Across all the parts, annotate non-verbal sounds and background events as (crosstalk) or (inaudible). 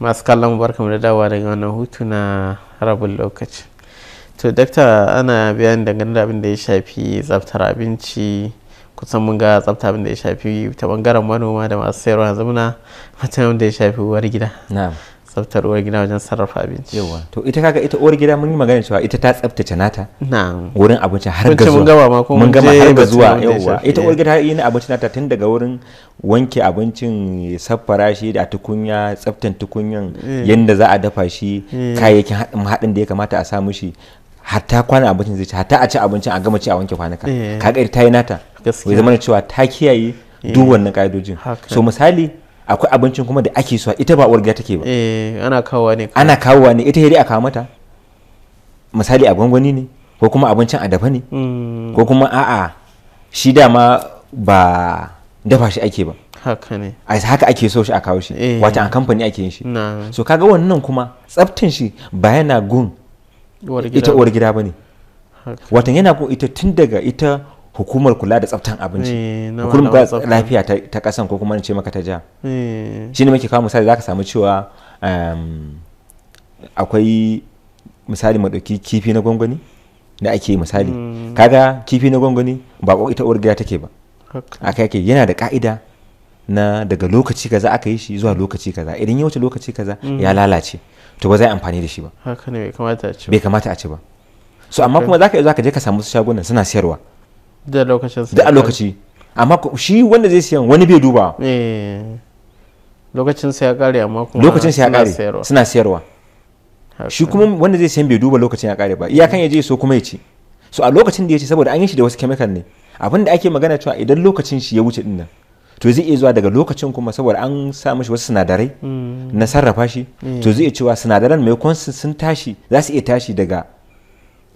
masu kallon barkamu da dawa daga wannan hutu na rabin lokaci to dakta ana bayani da da abin da ya shafi tsaftar abinci kusan mun ga tsafta abin da ya shafi ta bangaren manoma da masu sayarwa zamuna mutum da ya shafi uwar gida tsaftar uwar gida wajen sarrafa abinci yawa to ita kaga ita uwar gida mun yi magana cewa ita ta tsaftace nata na'am wurin abinci har ga zuwa mun gama ma ko mun gama har ga zuwa yawa ita uwar gida ni abinci nata tun daga wurin wanke abincin saffara shi da tukunya tsaftan tukunyan eh. yanda za a dafa shi eh. kayayyakin haɗin da ya kamata a sa mishi hatta kwana abincin zai ci hatta a ci abincin a gama ci a wanke kwanaka eh. kaga ita ta yi nata gaskiya zama cewa ta kiyaye duk wannan ka'idojin so misali akwai abincin kuma da ake so ita ba uwar gida take ba eh ana kawowa ne ana kawowa ne ita dai a kawo mata misali a gwangwani ne ko kuma abincin a dafa ne hmm. ko kuma a'a shi dama ba dafa shi ake ba haka ne haka ake so shi a kawo shi eh. wata a kamfani ake yin shi so kaga wannan kuma tsaftin shi ba yana gun ita uwar gida ba ne watan yana gun ita tun daga ita hukumar kula da tsaftan abinci eh, hukumar lafiya ta kasan ko kuma ce maka ta ja eh. shi ne muke kawo misali za ka samu cewa akwai misali maɗauki kifi na gwangwani da ake misali hmm. kaga kifi na gwangwani ba ita uwar gida take ba aka yake yana da ka'ida na daga lokaci kaza aka yi shi zuwa lokaci kaza idan ya wuce lokaci kaza hmm. ya lalace to ba zai amfani da shi ba haka ne bai kamata a ci ba bai kamata a ci ba so amma kuma zaka yi zaka je ka samu shagunan suna siyarwa da lokacin da a lokaci amma shi wanda zai siyan wani bai duba eh, lokacin sai ya kare amma kuma lokacin sai ya kare suna siyarwa shi kuma wanda zai siyan bai duba lokacin ya kare ba iyakan ya je so kuma ya ci so a lokacin da ya ci saboda an yi shi da wasu chemical ne abin da ake magana cewa idan lokacin shi ya wuce dinnan to zai iya zuwa daga lokacin kuma saboda an sa mishi wasu sinadarai mm. na sarrafa shi to eh. zai iya cewa sinadaran maimakon sun tashi za su iya tashi daga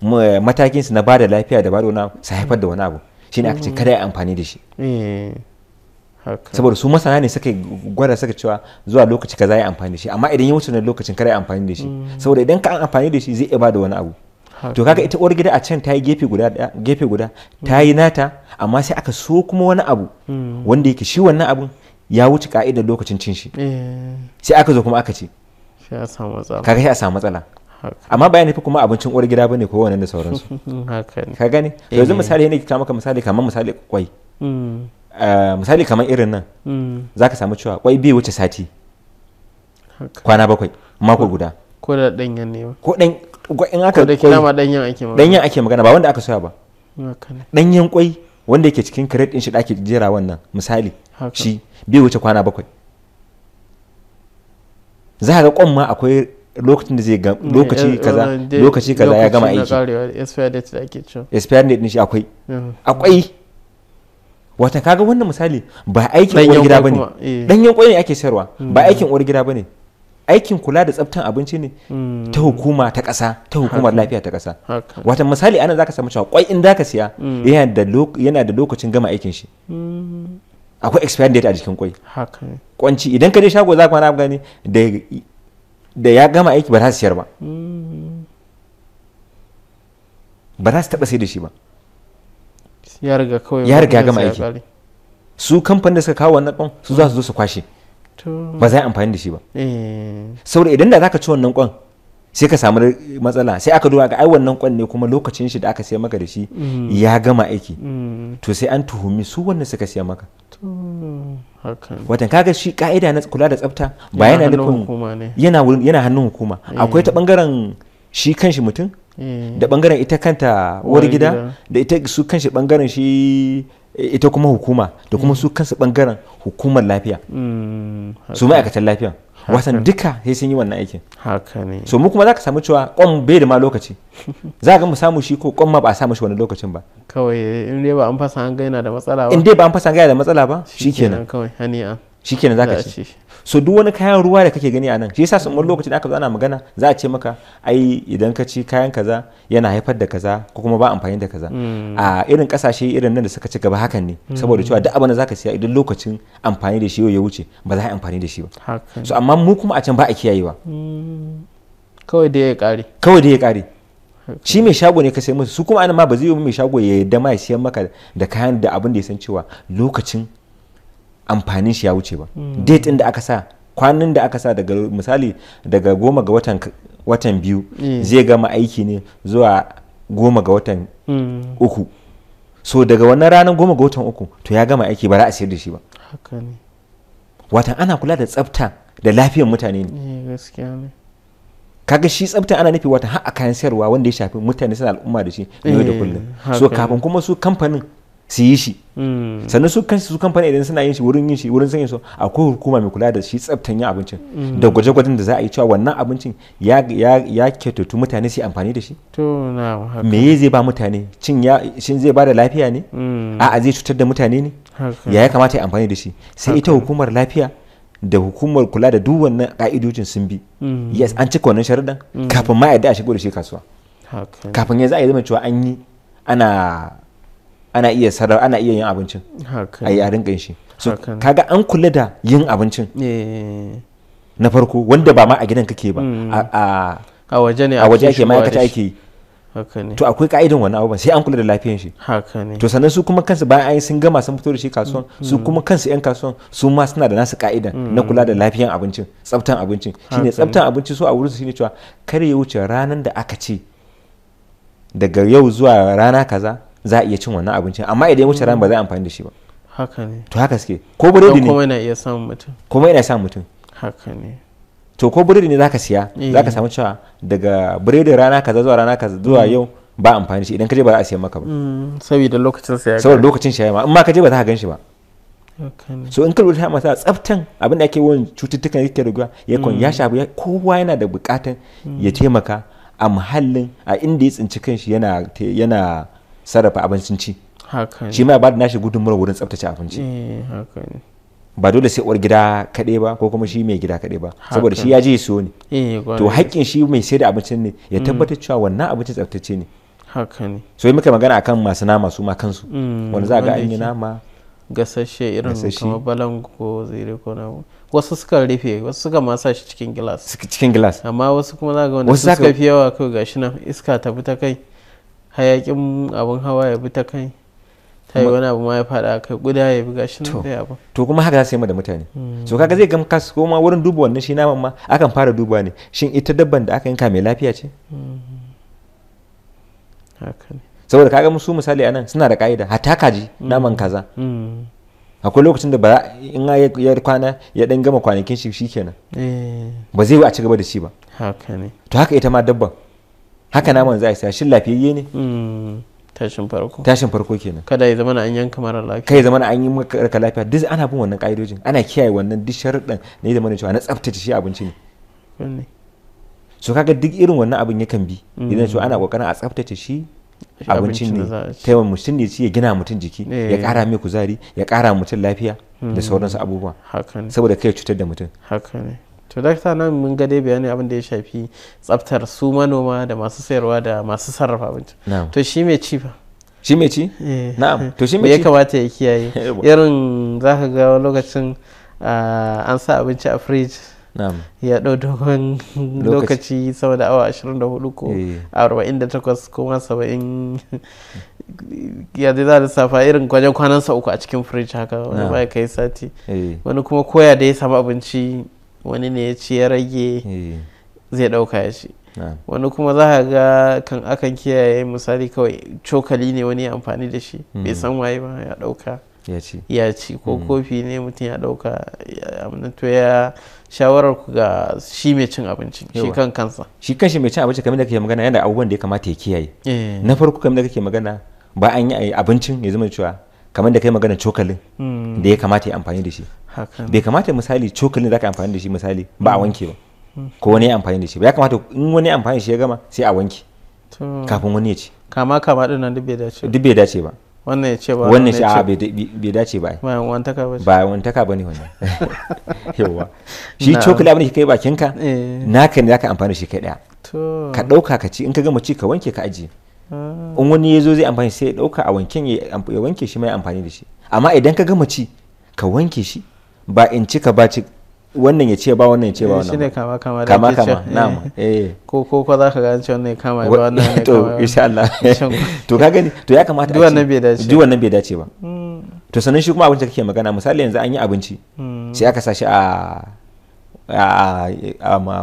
matakin su na ba da lafiya da ba da wani abu su haifar da wani abu ne aka ce mm. kada ya amfani da shi eh, saboda su masana ne suka gwada suka cewa zuwa lokaci kaza yi amfani da shi amma idan ya wuce lokacin kada ya amfani da shi mm. saboda idan ka amfani da shi zai iya ba da wani abu to kaga ita uwar gida a can ta yi gefe guda gefe guda ta yi nata amma sai aka so kuma wani abu mm. wanda yake shi wannan abun ya wuce ka'idar lokacin cin shi eh. sai aka zo kuma aka ce kaga sai a samu matsala amma bayan nufi kuma abincin uwar gida bane ko wani da sauransu (laughs) ka gani. Eh, yanzu misali ne ka maka misali kamar misali kwai mm. ah, misali kamar irin nan mm. za ka samu cewa kwai biyu wuce sati kwana bakwai mako guda ko da danyen ne ba ko dan in aka ko da danyen ake magana danyen ake magana ba wanda aka soya ba danyen kwai wanda yake cikin crate din shi da ake jera wannan misali shi biyu wuce kwana bakwai za ga kwan ma akwai lokacin da zai ga mm, lokaci eh, kaza eh, lokaci kaza ya gama aiki expired date da shi akwai mm. akwai wata kaga wannan misali ba aikin uwar gida bane danyen eh. kwai ne ake sayarwa mm. ba aikin uwar gida bane aikin kula da tsaftan abinci ne ta hukuma ta kasa ta hukumar lafiya ta kasa wata misali ana zaka samu cewa kwai in zaka siya yana da lokacin gama aikin shi akwai expired date a jikin kwai kwanci idan ka je shago zaka ka gani da da ya gama aiki ba za su siyar ba ba za su taɓa sai da shi ba ya riga ya gama aiki su kamfanin da suka kawo wannan kwan su za su zo su kwashe ba za a amfani da shi ba eh. saboda idan da za ka ci wannan kwan sai ka samu matsala sai aka duba ga ai wannan kwan ne kuma lokacin shi da aka siya maka da shi mm. ya gama aiki mm. to sai an tuhumi su wannan suka siya maka watan kaga shi ka'ida na kula da tsafta ba yana nufin yana hannun hukuma eh. akwai ta bangaren shi kanshi mutum eh. da bangaren ita kanta uwar gida da ita su kanshi bangaren shi ita kuma hukuma da kuma su kansu bangaren hukumar lafiya mm, su ma'aikatan lafiya wasan duka sai sun yi wannan aikin haka ne so mu kuma zaka samu cewa kwan bai da ma lokaci (laughs) za ga mu samu shi ko kwan ma ba a samu shi wani lokacin ba kawai in ba an fasa an ga yana da matsala ba shi kenan. shikenan zaka ci so duk wani kayan ruwa da kake gani a nan shi yasa sun lokacin da aka zo ana magana za a ce maka ai idan ka ci kayan kaza yana haifar da kaza ko kuma ba amfani da kaza hmm. a irin kasashe irin nan da suka ci gaba hakan ne hmm. saboda cewa duk abin da zaka siya idan lokacin amfani da shi yau ya wuce ba za a yi amfani da shi ba so amma mu kuma a can ba a kiyayewa hmm. kawai da ya kare kawai da ya kare shi mai shago ne ka sai musu su kuma anan ma ba zai yi mai shago ya yadda ma ya siyan maka da kayan da abin da ya san cewa lokacin amfanin shi ya wuce ba hmm. date din da aka sa kwanan da aka sa daga misali daga goma ga watan watan biyu zai gama aiki ne zuwa goma ga watan hmm. uku so daga wannan ranar goma ga watan uku to ya gama aiki ba za a sayar da shi ba watan ana kula da tsafta da lafiyar mutane eh, ne kaga shi tsafta ana nufi watan har a kayan sayarwa wanda ya shafi mutane suna al'umma da shi yau da eh, kullum so kafin kuma su kamfanin su yi shi hmm. sannan su kan su kamfani idan suna yin shi wurin yin shi wurin sanya su akwai hukuma mai kula da shi tsaftan yin abincin hmm. da gwaje-gwajen da za a yi cewa wannan abincin ya kyautatu mutane su amfani da shi me zai ba mutane cin ya shin zai ba da lafiya ne hmm. a zai cutar da mutane ne ya ya kamata ya amfani da shi sai ita hukumar lafiya da hukumar kula da duk wannan ka'idojin sun bi yes an cika wannan sharuɗan kafin ma yadda a shigo da shi kasuwa kafin ya za a yi zama cewa an yi ana ana iya sarar ana iya yin abincin a yi a rinka shi so kaga an kula da yin abincin eh. na farko wanda ba ma a gidan kake ba hmm. a waje ne a waje ake ma'aikata ake yi to akwai ka'idan wani abu sai an kula da lafiyan shi to sannan su kuma kansu bayan an sun gama sun fito da shi kasuwan hmm. su kuma kansu yan kasuwan su ma suna da nasu ka'idan na hmm. kula da lafiyan abincin tsaftan abincin shine tsaftan abinci su a wurin su shine cewa kar ya wuce ranar da aka ce daga yau zuwa rana kaza za a iya cin wannan abincin amma idan wuce ran ba zai amfani da shi ba haka ne to haka suke ko burodi ne komai na iya samun mutum komai na samun mutum haka ne to ko burodi ne zaka siya eh. zaka samu cewa daga buredin rana kaza zuwa rana kaza zuwa mm. yau ba amfani da shi idan ka je ba za a siya maka ba mm, saboda lokacin siya saboda lokacin siya ma in ma ka je ba za ka gan shi ba so in ka rubuta masa tsaftan abin da ake wani cututtukan yake raguwa ya kon ya mm. shafi kowa yana da bukatan ya taimaka a muhallin a inda ya tsinci kanshi yana yana sarrafa abincin ci shi ma ba da nashi gudunmuwar wurin tsabtace abinci eh, ba dole sai uwar gida kaɗai ba ko kuma shi mai gida kaɗai ba saboda shi ya je so ne eh, to haƙƙin shi mai sai da abincin ne ya mm. tabbatar cewa wannan abincin tsabtace ne so yi muka magana akan masu nama su ma kansu mm, wanda za a ga an yi nama gasashe irin kamar balango zire ko na wasu suka rufe wasu suka masa shi cikin gilas cikin gilas amma wasu kuma za ga wanda suka fi yawa kai gashi nan iska tafi ta kai hayakin abin hawa ya bi ta kai ta yi wani abu ma ya faɗa kai guda ya bi gashi nan dai ba. to kuma haka za su yi da mutane hmm. so kaga zai gama kasu kuma wurin duba wannan shi naman ma akan fara duba ne shin ita dabban da aka yanka mai lafiya ce hmm. saboda kaga musu misali anan suna da ka'ida hata kaji hmm. naman kaza akwai lokacin da ba in ya kwana ya dan gama kwanakin shi shikenan eh. ba zai yi a ci gaba da shi ba to haka ita ma dabban haka naman za a saya shin lafiyayye ne hmm, tashin farko tashin farko kenan kada ya zama na an yanka mara lafiya kai zama na an yi maka lafiya duk ana bin wannan ka'idojin ana kiyaye wannan duk sharuɗan ne da mana cewa na tsaftace shi abinci ne so kaga duk irin wannan abin yakan bi hmm. idan so ana kokarin a tsaftace shi abincin ne taimakon mutum ne ya gina mutum jiki ya kara eh. mai kuzari ya kara mutum lafiya da hmm. sauransu abubuwa saboda kai cutar da mutum haka ne to dakta nan mun ga dai bayani abin da ya shafi tsaftar su manoma da masu sayarwa da masu sarrafa abinci to shi mai ci fa shi mai ci eh. na'am (laughs) to shi mai ci ya kamata ya kiyaye (laughs) irin zaka ga lokacin ah, an sa abinci a fridge ya dau dogon lokaci sama da awa 24 ko 48 eh. ko ma 70 (laughs) ya dai za da safa irin kwanan sa uku a cikin fridge haka wani ba ya kai sati eh. wani kuma koya da ya samu abinci wani ne ya ci ya rage eh. zai ɗauka ya ci wani kuma za ka ga kan akan kiyaye misali kawai cokali ne wani amfani da shi bai hmm. san waye ba ya ɗauka ya ci ko hmm. kofi ne mutum ya ɗauka to ya shawarar ku ga shi mai cin abinci shi kan kansa shi kan shi mai cin abinci kamar da kake magana yana abubuwan da ya kamata ya kiyaye eh. na farko kamar da kake magana ba an yi abincin ya zama cewa kamar da kai magana cokalin hmm. da ya kamata ya amfani da shi bai kamata misali cokalin da ka amfani da shi misali ba a hmm. wanke ba hmm. ko wani ya amfani da shi ba ya kamata in wani ya amfani da shi ya gama sai a wanke kafin wani ya ci kama kama din nan duk bai dace duk bai dace ba wannan ya ce ba wannan shi a bai dace ba ba wantaka ba ba wantaka ba ne wannan (laughs) yawa shi cokali abin da kai bakinka eh. naka ne zaka amfani da shi kai daya ka dauka ka ci in ka gama ci ka wanke ka ajiye Ah. in wani ya zo zai amfani sai ya ɗauka a wanken ya wanke shi mai amfani da shi amma idan ka gama ci ka wanke shi ba in ci ka ba ci wannan ya ce ba wannan ya ce ba eh, wannan kama kama da kama kama na'am eh. eh ko ko ko za ka gane ce wannan kama ba wannan ne (laughs) to insha Allah (laughs) (laughs) to ka gani to ya kamata duk wannan bai dace duk wannan bai dace ba hmm. to sannan shi kuma abinci kake magana misali yanzu an yi abinci hmm. sai aka sa shi a a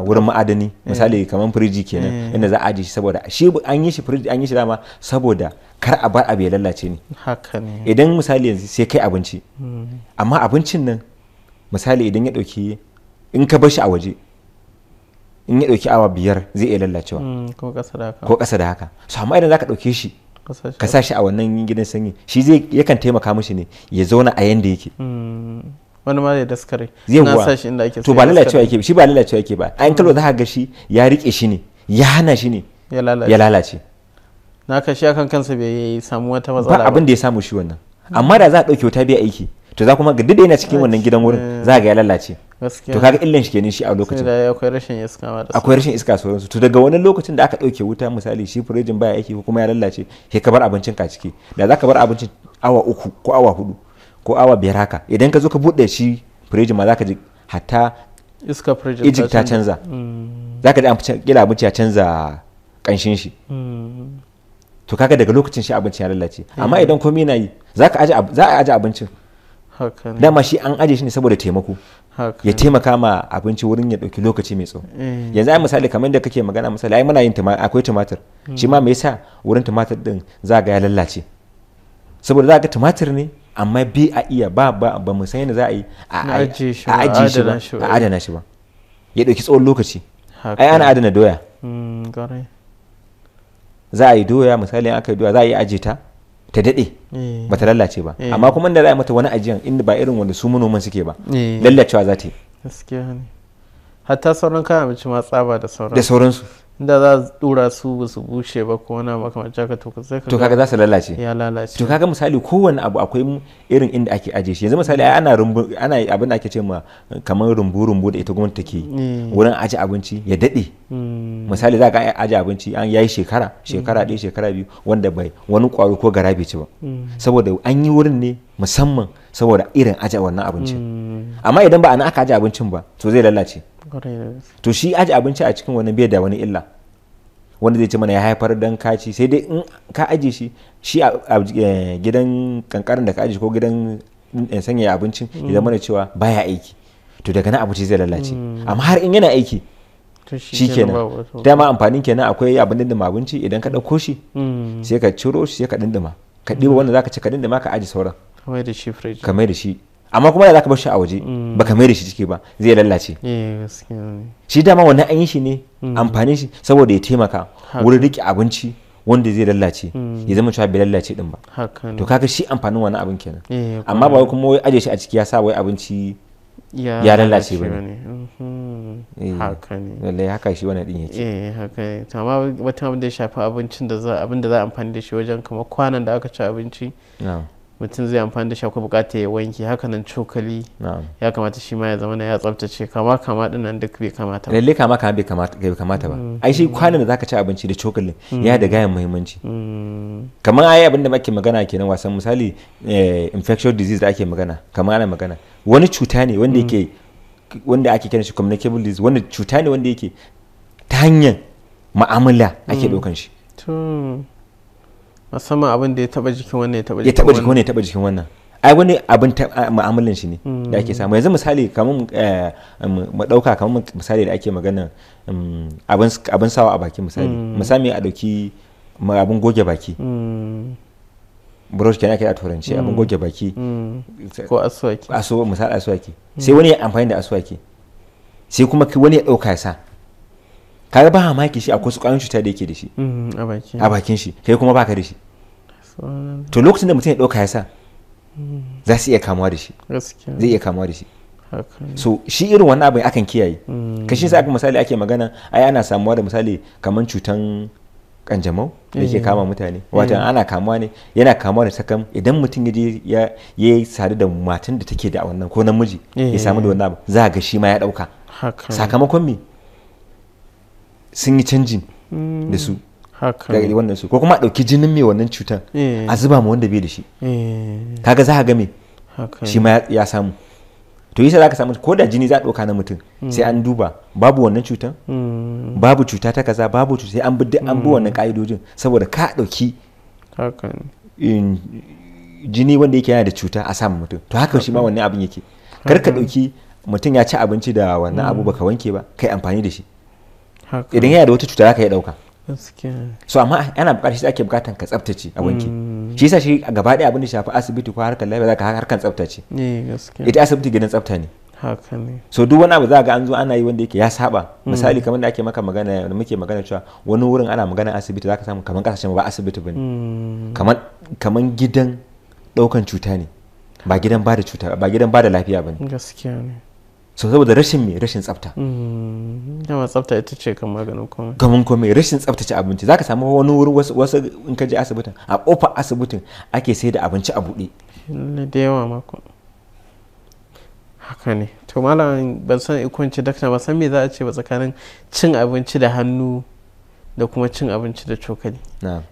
wurin ma'adani mm. misali kamar firiji kenan mm. inda za a ji shi saboda shi an yi shi firiji an yi shi dama saboda kar a bar abu ya lalace ne idan misali yanzu sai kai abinci mm. amma abincin nan misali idan ya dauki in ka bar shi a waje in ya dauki awa biyar zai iya lalacewa ko kasa da haka so amma idan zaka dauke shi ka sa shi a wannan gidan sanyi shi zai yakan taimaka mishi ne ya zauna a yanda yake wani ma ya daskare na sashi inda ake to ba lalacewa yake shi ba lalacewa yake ba an kalo za ka ga shi ya rike shi ne ya hana shi ne ya lalace na ka shi akan kansa bai yi samu wata matsala ba abin da ya samu shi wannan amma da za a dauke wata biya aiki to za kuma ga duk da yana cikin wannan gidan wurin eh. za ga ya lalace to kaga illan shi kenan shi a lokacin akwai rashin iska ma da akwai rashin iska sauransu to daga wani lokacin da aka dauke wuta misali shi firijin baya aiki ko kuma ya lalace sai ka bar abincin ka ciki da za ka bar abincin awa uku ko awa hudu ko awa biyar haka idan ka zo ka buɗe shi firiji ma zaka ji hatta iska ijik ta canza mm. za ka ji an kila abinci ya canza ƙanshin shi mm. to kaga daga lokacin shi abincin ya lalace amma idan komai na yi za a aji abincin dama shi an aje shi ne saboda taimako ya taimaka ma abinci wurin ya dauki lokaci mai tsawo eh. yanzu ai misali kamar da kake magana misali ai muna yin akwai tumatir shi ma mm. me yasa wurin tumatir din za ga ya lalace saboda za ga tumatir ne amma bi a iya ba ba ba mu san yadda za a yi a ajiye shi ba a adana shi ba ya dauki tsawon lokaci ai ana adana doya mm, za a yi doya misali in aka yi doya za a yi ajiye ta ta daɗe eh. ba ta lallace ba eh. amma kuma inda za a yi mata wani ajiyan inda ba irin wanda su manoman suke ba eh. lallacewa za ta yi hatta sauran kayan abinci ma tsaba da sauransu da sauransu da za su dura su ba su bushe ba ko wani makamancin haka to sai to kaga za su lalace ya lalace to kaga misali kowane abu akwai irin inda ake ajiye shi yanzu misali ana rumbu ana abin da ake ce ma kamar rumbu rumbu da ita gwamnati take eh. wurin aje abinci ya dade hmm. misali za ka aje abinci an yayi shekara hmm. shekara ɗaya shekara biyu wanda bai wani kwaro ko gara ci ba hmm. saboda an yi wurin ne musamman saboda irin aje wannan abincin amma idan ba ana aka aje abincin ba to zai lalace to shi aji abinci a cikin wani bai da wani illa wanda zai ce mana ya haifar dan kaci sai dai in ka aje shi shi a eh, gidan kankarin da ka aje ko gidan eh, sanya abincin ya mm. zama cewa baya aiki to daga nan abinci zai lalace mm. amma har in yana aiki shi kenan dama amfanin kenan akwai abin dindima abinci idan ka ɗauko shi mm. sai ka ciro shi sai ka dindima ka ɗiba wanda zaka ci ka dindima ka aji sauran kamar da shi amma kuma da zaka bar shi a waje mm. baka mai da shi ciki ba zai lallace eh, shi dama wannan an yi shi ne mm. amfani shi saboda ya taimaka wurin rike abinci wanda zai lallace mm. ya zama cewa bai lallace din ba to kaga shi amfanin wannan abin kenan eh, amma ba kuma wai aje shi a ciki ya sa wai abinci ya lallace ba ne mhm. eh. haka ne haka shi wannan din yake eh haka ne to amma wata abin da ya shafi abincin da za abin da za a amfani da shi wajen kamar kwanan da aka ci abinci mutum zai amfani da shi bukata ya wanke hakanan cokali ya kamata shi ma ya zama na ya tsaftace kama kama din nan duk bai kamata ba lalle kama kama bai kamata ba mm. ai shi kwanan da zaka ci abinci da cokalin mm. ya da gayan muhimmanci mm. kamar ai abin da muke magana kenan wasan misali eh, infectious disease da ake magana kamar ana magana wani cuta ne wanda yake wanda ake kiran shi communicable disease wani cuta ne wanda yake ta hanyar ma'amala ake ɗaukan shi musamman abin da ya taba jikin wannan ya taba jikin wannan ya taba jikin wannan ya taba jikin wannan ai wani abin mu'amalan shi ne hmm. da ake samu yanzu misali kamar eh, mu dauka kamar misali da ake magana mm, abin sawa a baki misali hmm. misali a dauki abin goge baki hmm. brush kenan ake a turanci abin goge baki ko aswaki aso misali aswaki sai wani ya amfani da aswaki sai kuma wani ya dauka sa kaga ba mamaki shi akwai su kwayoyin cuta da yake da mm, shi a bakin shi kai kuma baka da shi to lokacin da mutum ya dauka ya sa mm. za su iya kamuwa da shi zai iya kamuwa da shi so shi irin wannan abin akan kiyaye mm. Ka shi sa aka misali ake magana ai ana samuwa da misali kamar cutan kanjamau da ke eh. kama mutane wata eh. ana kamuwa ne yana kamuwa da sakam idan mutum ya je ya yi sadu da matan da take da wannan ko namiji ya eh. samu da wannan abu za ga shi ma ya dauka sakamakon me sun yi canjin mm. da su daga wannan su ko kuma a jinin mai wannan cutan eh. a zuba ma wanda bai da shi eh. kaga za a ga me shi ma ya samu to sa za ka samu ko da jini za a ɗauka na mutum mm. sai an duba babu wannan cutan mm. babu cuta ta kaza babu cuta sai an bi an bi wannan ka'idojin saboda ka ɗauki jini wanda yake yana da cuta a samun mutum to haka shi ma wannan abin yake kar ka ɗauki mutum ya ci abinci da wannan abu baka wanke ba kai amfani da shi idan yana da wata cuta zaka iya dauka so amma ana bukatar shi ake bukatan ka tsaftace a wanki mm. shi yasa shi gaba daya abin da shafi asibiti ko harkar lafiya zaka harkar tsaftace eh, ita asibiti gidan tsafta ne haka ne so duk wani abu za ga an zo ana yi wanda yake ya saba mm. misali kamar da ake maka magana da muke magana cewa wani wurin ana magana asibiti zaka samu kamar kasashen ba asibiti bane mm. kamar kamar gidan daukan cuta ne ba gidan ba da cuta ba gidan ba da lafiya bane gaskiya ne so saboda rashin me rashin tsafta mm, dama tsafta ita ce kan maganin komai gamin komai rashin tsaftace abinci zaka samu wani wuri wasu in ka je asibitin a kofa asibitin ake sai da abinci a buɗe da yawa mako haka ne to malam ban san ikonci dakta ba san me za a ce ba tsakanin cin abinci da hannu da kuma cin abinci da cokali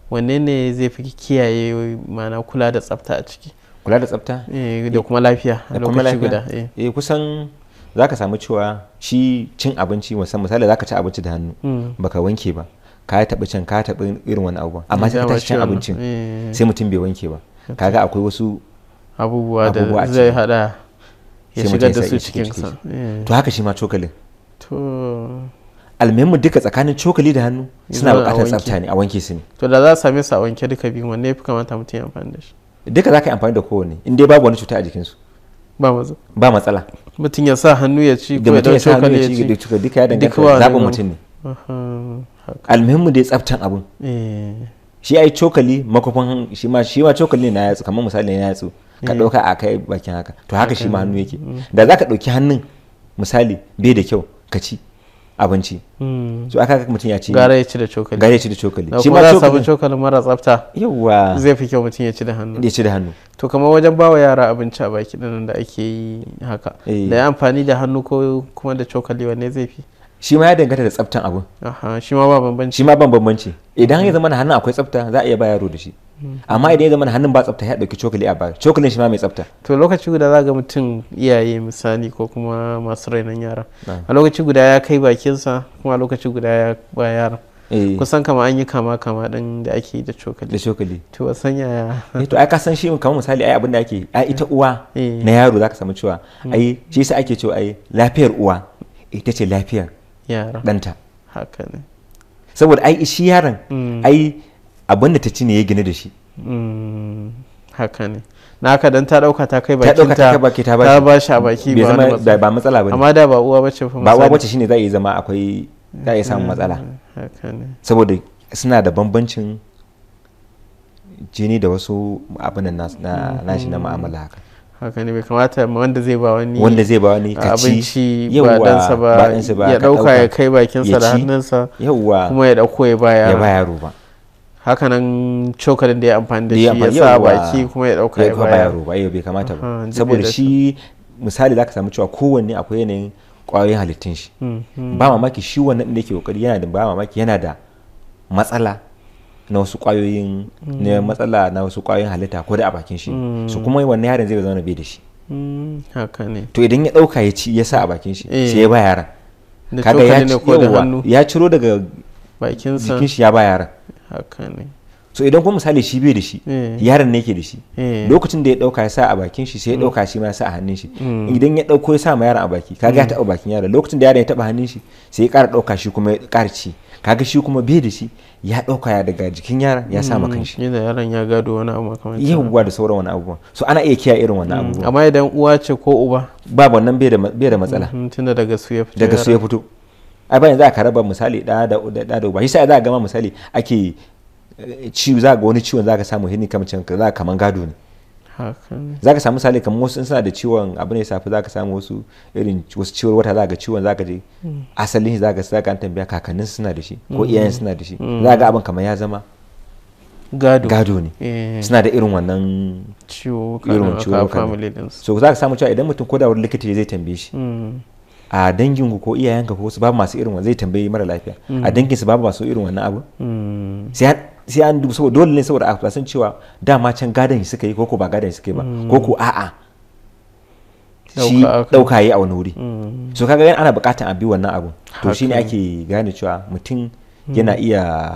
wanne ne zai fi kiyaye mana kula da tsafta a ciki kula da tsafta eh, da kuma lafiya da kuma lafiya eh. Eh, kusan za ka samu cewa shi cin abinci misali za ka ci abinci da hannu hmm. baka wanke ba ka taɓa can ka taɓa irin wani abubuwan amma sai ka cin abincin eh. sai mutum bai wanke ba Ka ga akwai wasu abubuwa da zai hada ya shiga da su cikin sa eh. to haka shi ma cokalin to almemu duka tsakanin cokali da hannu suna bukatar tsafta ne a wanke su ne to da za a same su a wanke duka biyu wanne ya fi kamata mutum ya amfani da shi duka za ka yi amfani da kowane in dai babu wani cuta a jikinsu ba matsala mutum ya sa hannu ya ci ko ya dauki cokali ya ci da cokali duka ya danganta zaɓin mutum ne almuhimmu dai tsaftan abun eh. shi ai cokali makofin shi ma shi ma cokali na yatsu kamar misali na yatsu ka eh. ɗauka a kai bakin haka to haka shi ma hannu yake mm. da za ka ɗauki hannun misali bai da kyau ka ci abinci hmm. so aka ga mutum ya ci gara ya ci da cokali gara ya ci da cokali shi ma cokali cokali mara tsafta yawa zai fi kyau mutum ya ci da hannu ya ci da hannu to kamar wajen bawa yara abinci a baki din da ake yi haka eh. da ya amfani da hannu ko kuma da cokali wanne zai fi shi ma ya danganta da tsaftan abin shi ma ba bambanci shi ma ban bambanci idan hmm. ya zama na hannun akwai tsafta za a iya ba yaro da shi amma idan ya zama hannun ba tsafta ya dauki cokali a baya cokalin shi ma mai tsafta to lokaci guda za ga mutum iyaye misali ko kuma masu rainon yara a lokaci guda ya kai bakinsa kuma a lokaci guda ya ba yaran eh. kusan kama an yi kama kama din da ake da cokali da cokali to a sanya ya eh to ai ka san shi kamar misali ai abin da ake ai ita uwa eh. na yaro zaka samu cewa hmm. ai shi sai ake cewa ai lafiyar uwa ita ce lafiyar yara danta haka ne saboda ai shi yaron hmm. ai abin da ta ci ne ya gina da shi hmm, haka ne na ka dan ta dauka ta kai baki ta ta ba shi a baki ba wani ba matsala bane amma da ba uwa bace fa ba uwa bace shine za a yi zama akwai za a yi samun matsala hmm, saboda suna da bambancin jini da wasu abin na hmm. shi na mu'amala haka haka ne bai kamata wanda zai ba wani wanda zai ba wani ka abinci ba dansa ba ya dauka ya kai bakinsa da hannunsa kuma ya dauko ya baya ya ba yaro ba hakanan cokalin da ya amfani da shi ya sa baki kuma ya dauka ya bayar ba yau bai kamata ba saboda shi misali zaka samu cewa kowanne akwai yanayin kwayoyin halittun shi mhm. ba mamaki shi wannan da yake kokari yana da ba mamaki yana da matsala na wasu kwayoyin mhm. ne matsala na wasu kwayoyin halitta ko da a bakin shi su mhm. kuma wannan yaron zai zama bai da shi haka ne to idan ya dauka ya ci ya sa a bakin shi eh. sai ya ba yaran kaga ya ciro daga bakin shi ya ba yaran haka ne so idan kuma misali shi bai da shi eh. yaron ne ke da shi eh. lokacin da ya dauka ya sa a bakin shi sai ya dauka mm. shi ma ya sa a hannun shi mm. idan ya dauko ya sa ma yaron a baki kaga ya mm. taba bakin yaron lokacin da yaron ya taba hannun shi sai ya kara dauka shi kuma ya kara ci kaga shi kuma bai da shi ya dauka ya daga jikin yaron ya sa ma shi yadda yaron ya gado wani abu makamancin yawwa da sauran wani abubuwan so ana iya kiyaye irin wannan abubuwan amma idan uwa ce ko uba ba wannan bai da matsala mm-hmm. tunda daga su ya fito daga su ya fito ai bayan za ka raba misali da da da da uba shi sai za ka gama misali ake ciwo za ga wani ciwon za ka samu hini kamar ka za kaman gado ne za ka samu misali kamar wasu suna da ciwon abu ne safi za ka samu wasu irin wasu ciwon wata za ga ciwon za ka je asalin za ka za ka tambaya kakannin suna da shi ko iyayen suna da shi za ga abin kamar ya zama gado ne suna da irin wannan ciwo irin ciwo so za ka samu cewa idan mutum ko da wani likita zai tambaye shi a danginku ko iyayenka ko su babu masu irin wannan zai tambayi mara lafiya a mm. dangin su babu masu irin wannan abu mm. sai an dubu saboda dole ne saboda a san cewa dama can gadon suka yi ko ba gadon suka yi ba ko mm. ko a'a shi dauka yi a wani wuri so kaga yan ana bukatan a bi wannan abu to shine ake gane cewa mutum yana iya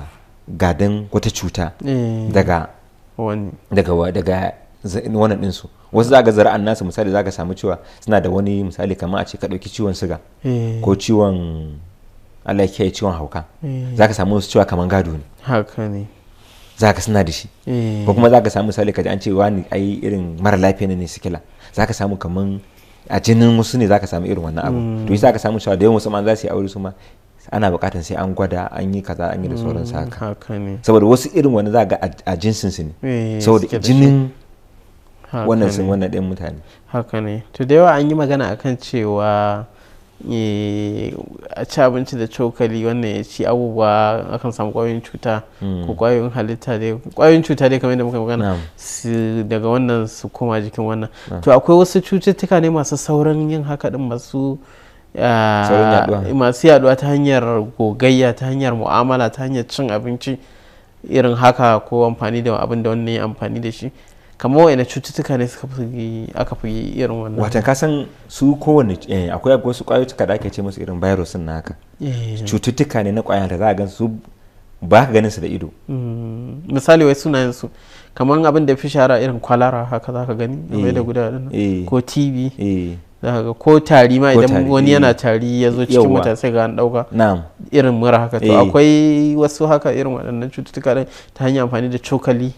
gadan wata cuta eh. daga daga wannan ɗinsu wasu zaga zara'an nasu misali zaka samu cewa suna da wani misali kamar a ce ka ɗauki ciwon siga eh. ko ciwon Allah ya ciwon hauka eh. Zaka samu wasu cewa kamar gado ne haka ne zaka suna da shi eh. ko kuma za ka samu misali kaji an ce wani ai irin mara lafiya ne sikila za ka samu kamar a jinin wasu ne za ka samu irin wannan abu hmm. to shi za ka samu cewa da yawan wasu ma za su yi aure su ma ana bukatar sai an gwada an yi kaza an yi da sauran saka hmm, saboda wasu irin wani za ga a jinsin su ne saboda jinin wannan sun wannan ɗin mutane haka ne to da yawa an yi magana akan cewa e, a ci abinci da cokali wannan ya ci abubuwa akan samu kwayoyin cuta ko kwayoyin hmm. halitta dai kwayoyin cuta dai kamar yadda muka magana su daga wannan su koma jikin wannan to akwai wasu cututtuka ne masu sauran yin haka din masu masu yaduwa ta hanyar gogayya ta hanyar mu'amala ta hanyar cin abinci irin haka ko amfani da abin da wannan ya amfani da shi kamar wani cututtuka ne suka fi aka fi irin wannan wata ka san su kowane eh, akwai akwai su kwayoyuka da ake ce musu irin virus na haka eh. cututtuka ne na kwayan da za a gan su ba ka ganin su da ido mm. misali wai suna su kamar abin da fi shara irin kwalara haka za ka gani mai da eh. guda ko tv ko tari ma idan wani yana tari ya zo cikin mata sai ga an dauka irin mura haka to akwai wasu haka irin waɗannan cututtuka ta hanyar amfani da cokali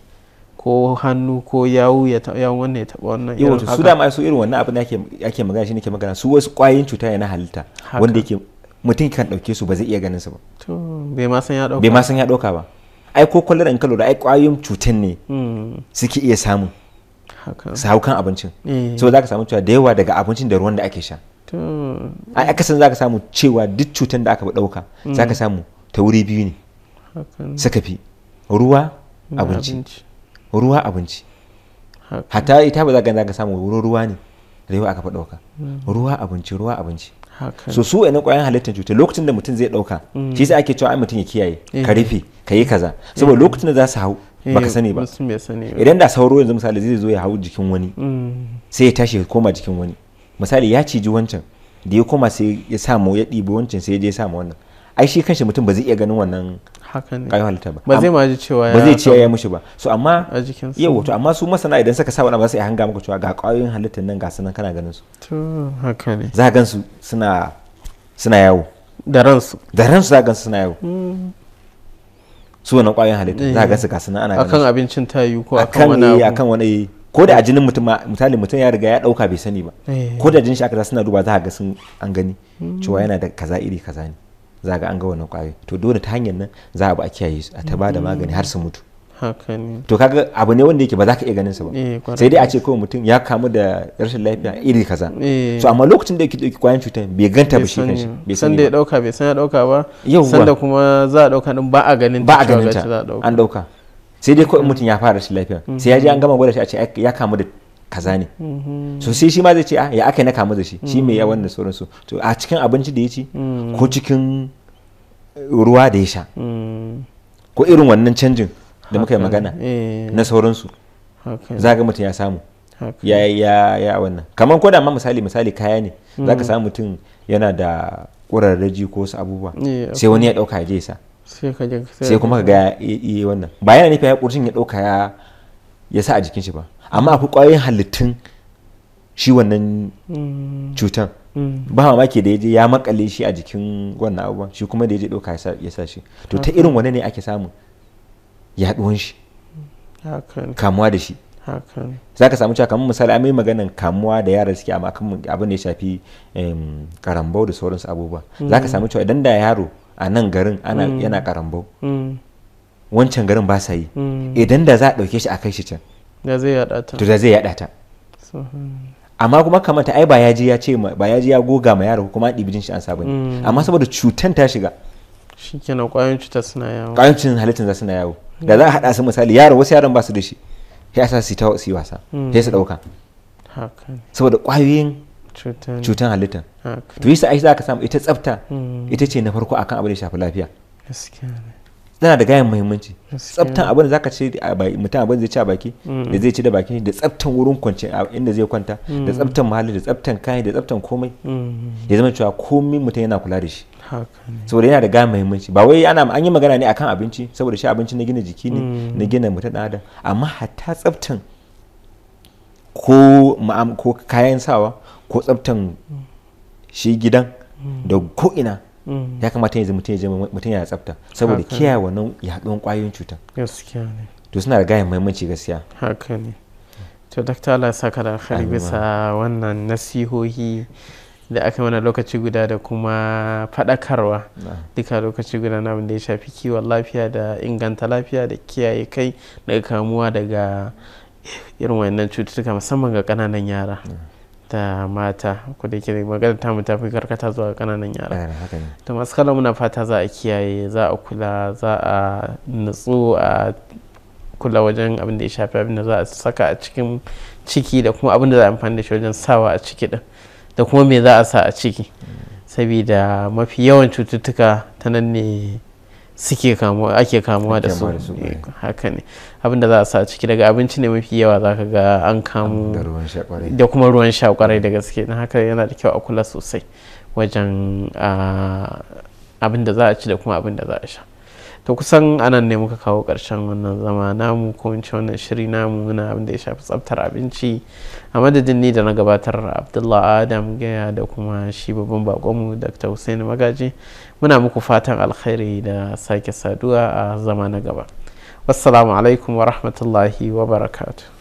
ko hannu ko yawu ya taɓa wannan ya taɓa wannan irin haka su ma su irin wannan abin da ake magana shi ne ke magana su wasu ƙwayoyin cuta ne na halitta wanda yake mutum kan ɗauke su ba zai iya ganin su ba bai ma san ya ɗauka bai ma san ya ɗauka ba ai ko kwallar in ka lura ai ƙwayoyin cutan ne hmm. suke iya samu. su hau kan abincin eh. so za ka samu cewa da yawa daga abincin da ruwan da ake sha ai akasin za ka samu cewa duk cutan da aka ɗauka za ka hmm. samu ta wuri biyu ne suka fi ruwa abinci ruwa abinci hata ita ba za ka samu wurin ruwa ne da rewa aka fi dauka mm. ruwa abinci ruwa abinci so su wa'annan kwayan halittar cuta lokacin da mutum zai ɗauka mm. shi sai ake cewa ai mutum ya kiyaye eh. ka rufe ka yi kaza eh. saboda lokacin da za su hau eh, baka sani ba idan da sauro yanzu misali zai zo ya hau jikin wani mm. sai ya tashi ya koma jikin wani misali ya ciji wancan da ya koma sai ya samu ya ɗibi wancan sai ya je ya samu wannan ai shi kanshi mutum ba zai iya ganin wannan kayan halitta ba ba zai ma ji cewa ba zai ce ya mushi ba so amma yau to amma su masana idan suka sa wani ba sai hanga maka cewa ga kwayoyin halittar nan ga sunan kana ganin su to haka ne za gan su suna suna yawo da ransu da ransu za gan su suna yawo hmm. su wannan kwayoyin halitta za gan su ga sunan ana ganin akan abincin tayu ko akan wani eh, abu akan wani ko da a jinin mutum misali mutum ya riga ya dauka bai sani ba eh. ko da jinin shi aka suna duba za ga sun an gani hmm. cewa yana da kaza iri kaza ne za ga an ga wannan kwayoyi to dole ta hanyar nan za a ba a kiyaye su a ta ba da mm-hmm. magani har su mutu to kaga abu ne wanda yake ba za ka iya ganin sa ba eh, sai dai a ce kawai mutum ya kamu da rashin lafiya iri kaza eh. so amma lokacin da yake dauki kwayan cutar bai ganta ba shi kanshi bai san da ya dauka bai san ya dauka ba san da kuma za a dauka din ba a ganin ba a ganin ta an dauka sai dai kawai mutum ya fara rashin lafiya mm-hmm. sai ya je an gama gwada shi a ce ya kamu da kaza ne mhm. so sai shi ma zai ce ah, ya aka na kamu da shi shi mai yawan da mhm. sauransu to a cikin abinci da ya ci mhm. ko cikin ruwa da ya sha ko irin wannan canjin da muka yi magana eh. na sauransu za ga mutum ya samu ya ya ya wannan kamar ko da ma misali misali kaya ne za ka samu mutum yana da ƙurarraji ko wasu abubuwa eh, sai wani ya ɗauka ya je sa sai kuma ka ga ya yi wannan ba yana nufi ya ƙurshin ya ɗauka ya sa a jikin shi ba amma akwai kwayoyin halittun shi wannan mm. cutan mm. ba mamaki da ya je ya makale shi a jikin wannan abubuwan shi kuma da ya je ɗauka ya sa shi to ta irin wane ne ake samu yaɗuwan shi kamuwa da shi za ka samu cewa kamar misali amai magana kamuwa da yara suke amma kan abin da ya shafi karambau da sauransu abubuwa za ka mm. samu cewa idan da yaro a nan garin yana karambau wancan garin ba sa yi idan da za a ɗauke shi a kai shi can da zai yada ta to da zai yada ta hmm. amma kuma kamata ai ba yaji ya ce ba yaji ya goga ma yaro kuma ɗibijin shi an sa hmm. amma saboda cutan ta shiga shikenan kwayoyin cuta suna yawo kwayoyin cutan halittar za suna yawo da hmm. za a haɗa su misali yaro wasu yaron ba su da shi ya sa su ta su yi wasa sai su ɗauka saboda kwayoyin cutan halittar to yi sa aiki za ka samu ita tsafta ita ce na farko akan abin da shafi lafiya tana da gayan muhimmanci tsaftan abin za zaka ce mutum abin zai ci a baki da zai ci da baki da tsaftan wurin kwance inda zai kwanta da tsaftan muhalli da tsaftan kayan da tsaftan komai ya zama cewa komai mutum yana kula da shi saboda yana da gayan muhimmanci ba wai ana an yi magana ne akan abinci saboda shi abinci na gina jiki ne na mm. gina mutum ɗan adam amma hatta tsaftan ko ko kayan sawa ko tsaftan shi gidan mm. da ko ina Mm. ya kamata yanzu mutum ya je mutum yana tsafta saboda kiyaye wannan yaduwan kwayoyin cutar gaskiya to suna da gayan muhimmanci gaskiya haka ne to dakta Allah ya saka da alkhairi bisa wannan nasihohi da aka mana lokaci guda da kuma faɗakarwa duka lokaci guda na da ya shafi kiwon lafiya da inganta lafiya da kiyaye kai daga kamuwa daga irin wannan cututtuka musamman ga ƙananan yara. ta mata ku da ke magana ta ta fi karkata zuwa kananan yara to masu kala muna fata za a kiyaye za a kula za a nutsu a kula wajen abin da ya shafi abin da za a saka a cikin ciki da kuma abin da za a amfani da shi wajen sawa a ciki din da kuma me za a sa a ciki mm. saboda mafi yawan cututtuka ta nan ne suke kamuwa ake kamuwa da su eh, eh. haka ne abin da za a sa ciki daga abinci ne mafi yawa za ka ga an kamu da kuma ruwan sha kwarai da mm. gaske na haka yana da kyau a kula sosai wajen ah, abin da za a ci da kuma abin da za a sha ta kusan anan ne muka kawo ƙarshen wannan zama namu ko in ce wannan shiri namu na abin da ya shafi tsaftar abinci a madadin ni da na gabatar abdullah adam gaya da kuma shi babban bakonmu dr hussein magaji muna muku fatan alkhairi da sake saduwa a zama na gaba wassalamu alaikum wa rahmatullahi wa barakatu